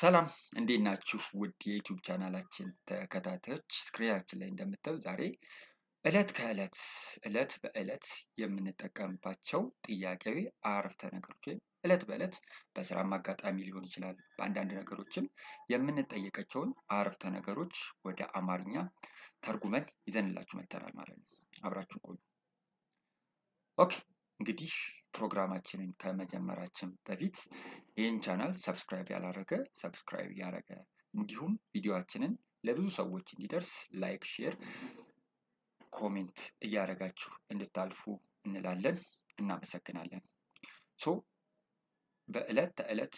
ሰላም እንዴት ናችሁ? ውድ የዩቲዩብ ቻናላችን ተከታታዮች ስክሪናችን ላይ እንደምታዩ ዛሬ እለት ከእለት እለት በእለት የምንጠቀምባቸው ጥያቄ አረፍተ ነገሮች ወይም እለት በእለት በስራም አጋጣሚ ሊሆን ይችላል በአንዳንድ ነገሮችም የምንጠየቀቸውን አረፍተ ነገሮች ወደ አማርኛ ተርጉመን ይዘንላችሁ መጥተናል ማለት ነው። አብራችሁ ቆዩ። ኦኬ እንግዲህ ፕሮግራማችንን ከመጀመራችን በፊት ይህን ቻናል ሰብስክራይብ ያላረገ ሰብስክራይብ ያረገ፣ እንዲሁም ቪዲዮችንን ለብዙ ሰዎች እንዲደርስ ላይክ፣ ሼር፣ ኮሜንት እያደረጋችሁ እንድታልፉ እንላለን። እናመሰግናለን። ሶ በዕለት ተዕለት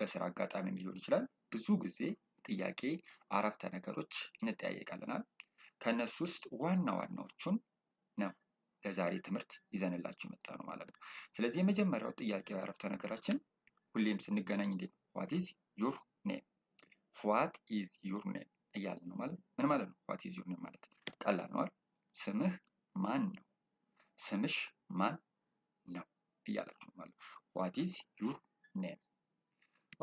በስራ አጋጣሚ ሊሆን ይችላል ብዙ ጊዜ ጥያቄ አረፍተ ነገሮች እንጠያየቃለናል። ከእነሱ ውስጥ ዋና ዋናዎቹን ነው ለዛሬ ትምህርት ይዘንላችሁ የመጣ ነው ማለት ነው። ስለዚህ የመጀመሪያው ጥያቄ ያረፍተ ነገራችን ሁሌም ስንገናኝ እንዴት ዋት ኢዝ ዩር ኔም፣ ዋት ኢዝ ዩር ኔም እያለ ነው ማለት ምን ማለት ነው? ዋት ኢዝ ዩር ኔም ማለት ቀላል ነዋል። ስምህ ማን ነው፣ ስምሽ ማን ነው እያላችሁ ማለት ነው። ዋት ኢዝ ዩር ኔም።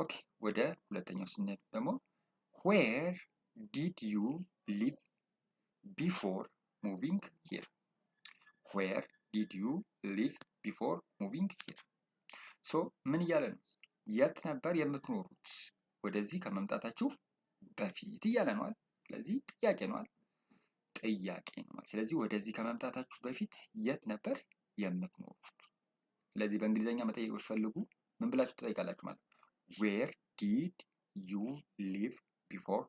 ኦኬ፣ ወደ ሁለተኛው ስንሄድ ደግሞ ዌር ዲድ ዩ ሙቪንግ ሂር ሶ ምን እያለ ነው? የት ነበር የምትኖሩት ወደዚህ ከመምጣታችሁ በፊት እያለ ነዋል። ስለዚህ ጥያቄ ነዋል፣ ጥያቄ ነዋል። ስለዚህ ወደዚህ ከመምጣታችሁ በፊት የት ነበር የምትኖሩት? ስለዚህ በእንግሊዝኛ መጠየቅ ብትፈልጉ ምን ብላችሁ ትጠይቃላችሁ? ማለት ዌር ዲድ ዩ ሊቭ ቢፎር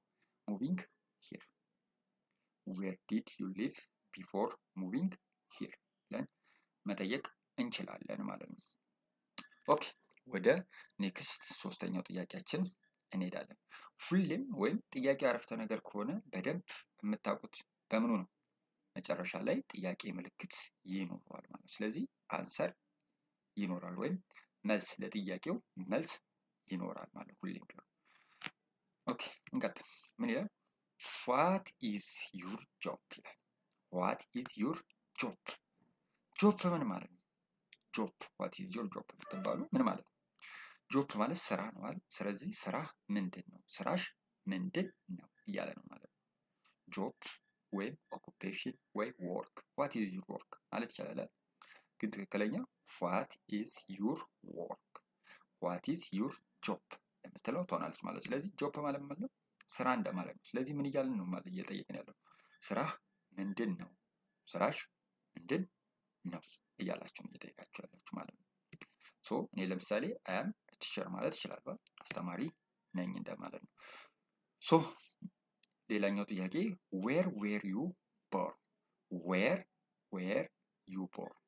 ሙቪንግ ሂር ዌር ዲድ ዩ ሊቭ ቢፎር ሙቪንግ ሂር ብለን መጠየቅ እንችላለን ማለት ነው። ኦኬ ወደ ኔክስት ሶስተኛው ጥያቄያችን እንሄዳለን። ሁሌም ወይም ጥያቄ አረፍተ ነገር ከሆነ በደንብ የምታውቁት በምኑ ነው? መጨረሻ ላይ ጥያቄ ምልክት ይኖረዋል ማለት ነው። ስለዚህ አንሰር ይኖራል ወይም መልስ ለጥያቄው መልስ ይኖራል ማለት ነው። ሁሌም ቢሆን ኦኬ። እንቀጥል። ምን ይላል? ዋት ኢዝ ዩር ጆብ ይላል። ዋት ኢዝ ዩር ጆብ። ጆብ ምን ማለት ነው? ጆፕ ዋት ኢዝ ዮር ጆፕ ብትባሉ ምን ማለት ነው? ጆፕ ማለት ስራ ነው አይደል? ስለዚህ ስራ ምንድን ነው? ስራሽ ምንድን ነው እያለ ነው ማለት ነው። ጆፕ ወይም ኦኩፔሽን ወይ ወርክ ዋት ኢዝ ዩር ወርክ ማለት ይቻላል። ግን ትክክለኛ ዋት ኢዝ ዩር ወርክ ዋት ኢዝ ዩር ጆፕ የምትለው ትሆናለች ማለት ነው። ስለዚህ ጆፕ ማለት ማለት ነው ስራ እንደማለት ነው። ስለዚህ ምን እያለን ነው ማለት እየጠየቅን ያለው ስራ ምንድን ነው? ስራሽ ምንድን ነፍስ እያላችሁ እየጠየቃችሁ ያላችሁ ማለት ነው። ሶ እኔ ለምሳሌ አያም ቲቸር ማለት እችላለሁ። አስተማሪ ነኝ እንደማለት ነው። ሶ ሌላኛው ጥያቄ ዌር ዌር ዩ ቦርን፣ ዌር ዌር ዩ ቦርን፣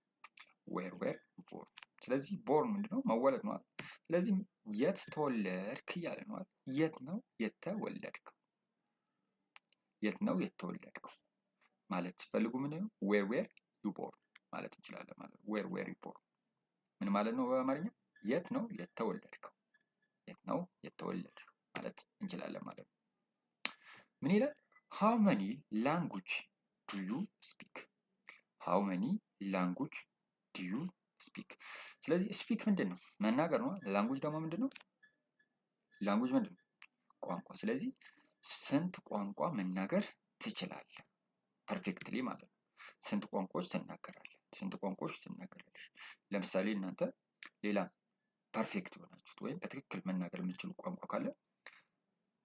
ዌር ዌር ዩ ቦርን። ስለዚህ ቦርን ምንድን መወለድ ነዋል። ስለዚህ የት ተወለድክ እያለ ነዋል። የት ነው የተወለድከው? የት ነው የተወለድከው ማለት ሲፈልጉ ምንድን ነው ዌር ዌር ዩ ቦር ማለት እንችላለን ማለት ዌር ዌር ቦርን ምን ማለት ነው በአማርኛ የት ነው የተወለድከው የት ነው የተወለድከው ማለት እንችላለን ማለት ነው ምን ይላል ሃው መኒ ላንጉጅ ዱዩ ስፒክ ሃው መኒ ላንጉጅ ዱዩ ስፒክ ስለዚህ ስፒክ ምንድን ነው መናገር ነው ላንጉጅ ደግሞ ምንድን ነው ላንጉጅ ምንድን ነው ቋንቋ ስለዚህ ስንት ቋንቋ መናገር ትችላለህ ፐርፌክትሊ ማለት ነው ስንት ቋንቋዎች ትናገራለህ ስንት ቋንቋዎች ትናገራለሽ? ለምሳሌ እናንተ ሌላ ፐርፌክት የሆናችሁት ወይም በትክክል መናገር የምትችሉ ቋንቋ ካለ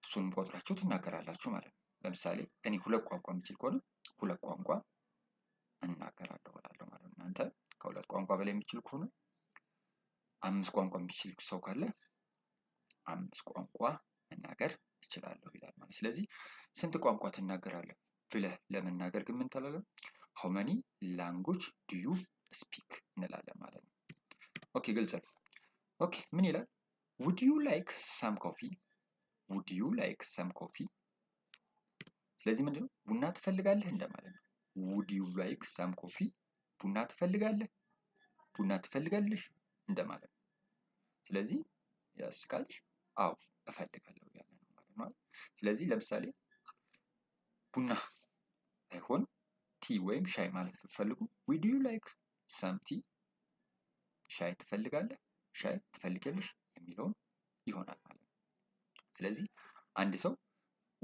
እሱን ቆጥራችሁ ትናገራላችሁ ማለት ነው። ለምሳሌ እኔ ሁለት ቋንቋ የምችል ከሆነ ሁለት ቋንቋ እናገራለሁ እላለሁ ማለት ነው። እናንተ ከሁለት ቋንቋ በላይ የምችል ከሆነ አምስት ቋንቋ የሚችል ሰው ካለ አምስት ቋንቋ መናገር እችላለሁ ይላል ማለት ስለዚህ ስንት ቋንቋ ትናገራለህ ብለህ ለመናገር ግን ምን ሆመኒ ላንጉጅ ዲዩ ስፒክ እንላለን ማለት ነው። ኦኬ ግልጽ ነው። ኦኬ ምን ይላል? ውድ ዩ ላይክ ሰም ኮፊ፣ ውድ ዩ ላይክ ሰም ኮፊ። ስለዚህ ምንድነው ቡና ትፈልጋለህ እንደማለት ነው። ውድ ዩ ላይክ ሰም ኮፊ፣ ቡና ትፈልጋለህ፣ ቡና ትፈልጋለሽ እንደማለት ነው። ስለዚህ ያስ አዎ እፈልጋለሁ ያለ ነው ማለት ነው። ስለዚህ ለምሳሌ ቡና አይሆን ቲ ወይም ሻይ ማለት ብትፈልጉ ዊድ ዩ ላይክ ሰም ቲ፣ ሻይ ትፈልጋለህ፣ ሻይ ትፈልጊያለሽ የሚለውን ይሆናል ማለት ነው። ስለዚህ አንድ ሰው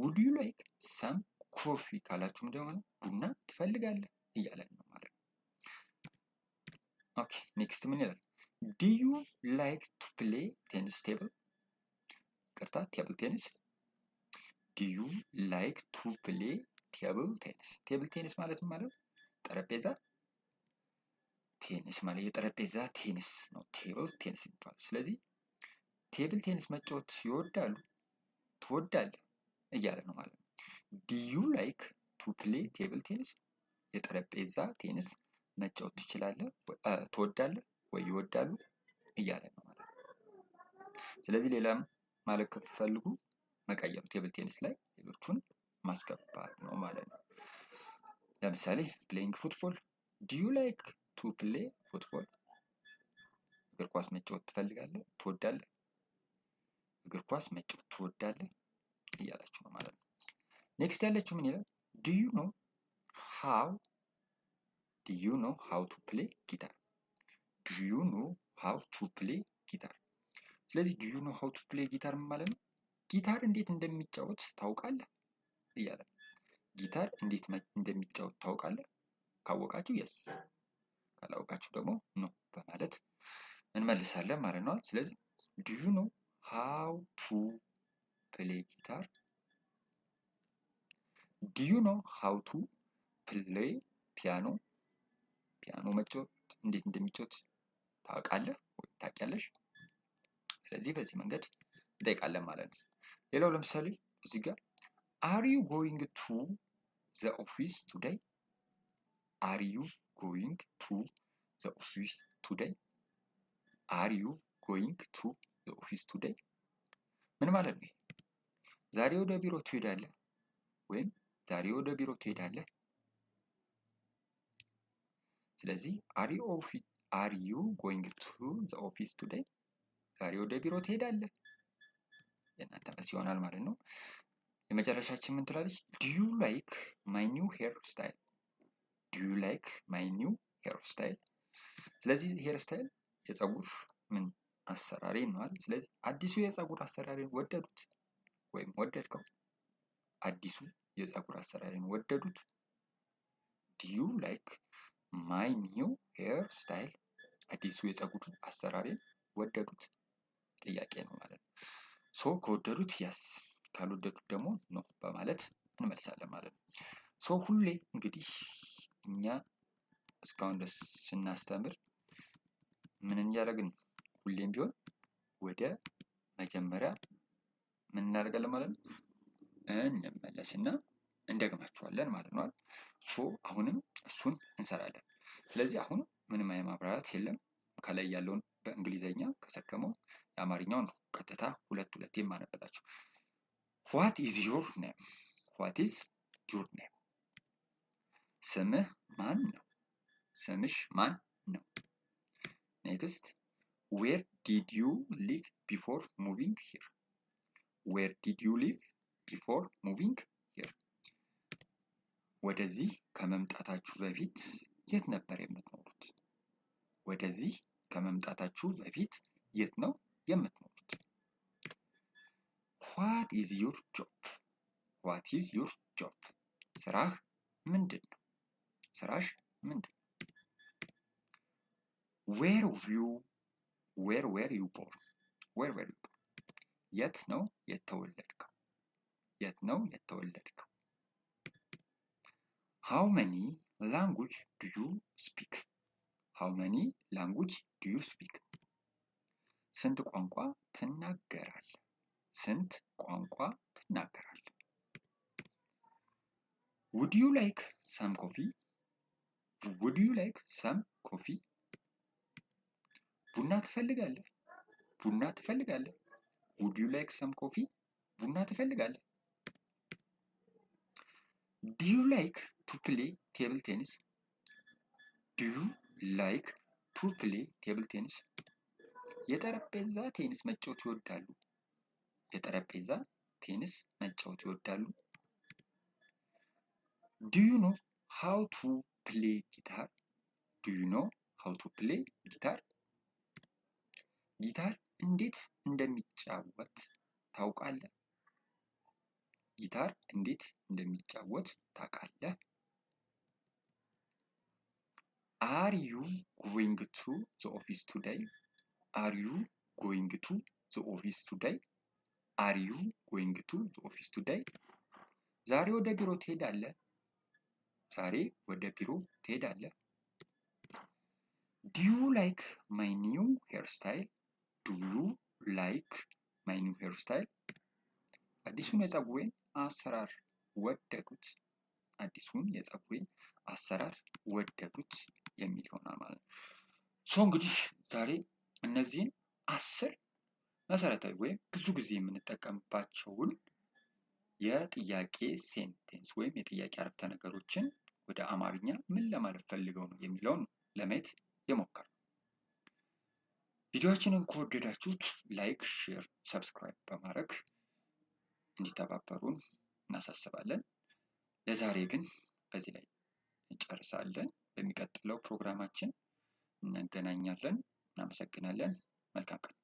ውድ ዩ ላይክ ሰም ኮፊ ካላችሁም ደግሞ ቡና ትፈልጋለህ እያለ ነው ማለት ነው። ኦኬ ኔክስት ምን ይላል? ዲ ዩ ላይክ ቱ ፕሌይ ቴኒስ ቴብል፣ ቅርታ ቴብል ቴኒስ። ዲ ዩ ላይክ ቱ ፕሌይ ቴብል ቴኒስ። ቴብል ቴኒስ ማለት ማለት ጠረጴዛ ቴኒስ ማለት የጠረጴዛ ቴኒስ ነው። ቴብል ቴኒስ ይባላል። ስለዚህ ቴብል ቴኒስ መጫወት ይወዳሉ ትወዳለህ እያለ ነው ማለት ነው። ዲዩ ላይክ ቱ ፕሌ ቴብል ቴኒስ የጠረጴዛ ቴኒስ መጫወት ትችላለህ ትወዳለህ ወይ ይወዳሉ እያለ ነው ማለት ነው። ስለዚህ ሌላም ማለት ከፈልጉ መቀየሩ ቴብል ቴኒስ ላይ ሌሎቹን ማስገባት ነው ማለት ነው። ለምሳሌ ፕሌይንግ ፉትቦል ዱ ዩ ላይክ ቱ ፕሌይ ፉትቦል? እግር ኳስ መጫወት ትፈልጋለህ? ትወዳለህ? እግር ኳስ መጫወት ትወዳለህ እያላችሁ ነው ማለት ነው። ኔክስት ያለችው ምን ይላል? ዱ ዩ ኖ ሃው ዱ ዩ ኖ ሃው ቱ ፕሌይ ጊታር ዱ ዩ ኖ ሃው ቱ ፕሌይ ጊታር። ስለዚህ ዱ ዩ ኖ ሃው ቱ ፕሌይ ጊታር ማለት ነው ጊታር እንዴት እንደሚጫወት ታውቃለህ እያለ ጊታር እንዴት እንደሚጫወት ታውቃለህ? ካወቃችሁ የስ ካላወቃችሁ ደግሞ ኖ በማለት እንመልሳለን ማለት ነዋል። ስለዚህ ዲዩ ኖ ሃው ቱ ፕሌይ ጊታር? ዲዩ ኖ ሃው ቱ ፕሌይ ፒያኖ? ፒያኖ መጫወት እንዴት እንደሚጫወት ታውቃለህ ወይ ታውቂያለሽ? ስለዚህ በዚህ መንገድ እንጠይቃለን ማለት ነው። ሌላው ለምሳሌ እዚህ ጋር አር ዩ ጎይንግ ቱ ዘ ኦፊስ ቱዴይ? አር ዩ ጎይንግ ቱ ዘ ኦፊስ ቱዴይ? አር ዩ ጎይንግ ቱ ዘ ኦፊስ ቱዴይ? ምን ማለት ነው? ዛሬ ወደ ቢሮ ትሄዳለህ ወይም ዛሬ ወደ ቢሮ ትሄዳለህ። ስለዚህ አር ዩ አር ዩ ጎይንግ ቱ ዘ ኦፊስ ቱዴይ? ዛሬ ወደ ቢሮ ትሄዳለህ የእናንተ መልስ ይሆናል ማለት ነው። የመጨረሻችን ምን ትላለች? ዲዩ ላይክ ማይ ኒው ሄር ስታይል፣ ዲዩ ላይክ ማይ ኒው ሄር ስታይል። ስለዚህ ሄር ስታይል የፀጉር ምን አሰራሪ ነዋል። ስለዚህ አዲሱ የፀጉር አሰራሪን ወደዱት ወይም ወደድከው፣ አዲሱ የፀጉር አሰራሬን ወደዱት። ዲዩ ላይክ ማይ ኒው ሄር ስታይል፣ አዲሱ የፀጉር አሰራሬን ወደዱት ጥያቄ ነው ማለት ነው። ሶ ከወደዱት ያስ ካልወደዱት ደግሞ ኖ በማለት እንመልሳለን ማለት ነው። ሶ ሁሌ እንግዲህ እኛ እስካሁን ደስ ስናስተምር ምን እያደረግን ሁሌም ቢሆን ወደ መጀመሪያ ምን እናደርጋለን ማለት ነው እንመለስና እንደግማችኋለን ማለት ነው። ሶ አሁንም እሱን እንሰራለን። ስለዚህ አሁን ምንም አይ ማብራራት የለም። ከላይ ያለውን በእንግሊዘኛ ከስር ደግሞ የአማርኛውን ነው ቀጥታ ሁለት ሁለት የማነብላችሁ ዋት ኢዝ ዩር ኔም? ዋት ኢዝ ዮር ኔም? ስምህ ማን ነው? ስምሽ ማን ነው? ኔክስት ዌር ዲድ ዩ ሊቭ ቢፎር ሙቪንግ ሂር? ዌር ዲድ ዩ ሊቭ ቢፎር ሙቪንግ ሂር? ወደዚህ ከመምጣታችሁ በፊት የት ነበር የምትኖሩት? ወደዚህ ከመምጣታችሁ በፊት የት ነው የምትኖሩት? ዋት ኢዝ ዩር ጆብ? ዋት ኢዝ ዩር ጆብ? ስራህ ምንድን ነው? ስራሽ ምንድን ነው? ዌር ዩ ዌር ዌር ዩ ቦርን? ዌር ዌር ዩ ቦርን? የት ነው የተወለድከው? የት ነው የተወለድከው? ሃው መኒ ላንጉጅ ዱ ዩ ስፒክ? ሃው መኒ ላንጉጅ ዱ ዩ ስፒክ? ስንት ቋንቋ ትናገራለህ? ስንት ቋንቋ ትናገራለህ? ውድ ዩ ላይክ ሰም ኮፊ? ውድ ዩ ላይክ ሰም ኮፊ? ቡና ትፈልጋለህ? ቡና ትፈልጋለህ? ውድ ዩ ላይክ ሰም ኮፊ? ቡና ትፈልጋለህ? ዱ ዩ ላይክ ቱ ፕሌ ቴብል ቴኒስ? ዱ ዩ ላይክ ቱ ፕሌ ቴብል ቴኒስ? የጠረጴዛ ቴኒስ መጫወት ይወዳሉ? የጠረጴዛ ቴኒስ መጫወት ይወዳሉ? ዱ ዩ ኖ ሃው ቱ ፕሌይ ጊታር? ዱ ዩ ኖ ሃው ቱ ፕሌይ ጊታር? ጊታር እንዴት እንደሚጫወት ታውቃለህ? ጊታር እንዴት እንደሚጫወት ታውቃለህ? አር ዩ ጎይንግ ቱ ዘ ኦፊስ ቱዴይ? አር ዩ ጎይንግ ቱ ዘ ኦፊስ ቱዴይ? አርዩ ጎይንግ ቱ ኦፊስ ቱዳይ? ዛሬ ወደ ቢሮ ትሄዳለህ? ዛሬ ወደ ቢሮ ትሄዳለህ? ዩ ላይክ ማይ ኒው ሄር ስታይል? ዱዩ ላይክ ማይ ኒው ሄር ስታይል? አዲሱን የጸጉሬን አሰራር ወደዱት? አዲሱን የጸጉሬን አሰራር ወደዱት? የሚል ይሆናል ማለት ነው። ሶ እንግዲህ ዛሬ እነዚህን አስር መሰረታዊ ወይም ብዙ ጊዜ የምንጠቀምባቸውን የጥያቄ ሴንቴንስ ወይም የጥያቄ አረፍተ ነገሮችን ወደ አማርኛ ምን ለማለት ፈልገው ነው የሚለውን ለማየት የሞከር ቪዲዮችንን ከወደዳችሁት ላይክ፣ ሼር፣ ሰብስክራይብ በማድረግ እንዲተባበሩን እናሳስባለን። ለዛሬ ግን በዚህ ላይ እንጨርሳለን። በሚቀጥለው ፕሮግራማችን እንገናኛለን። እናመሰግናለን። መልካም ቀን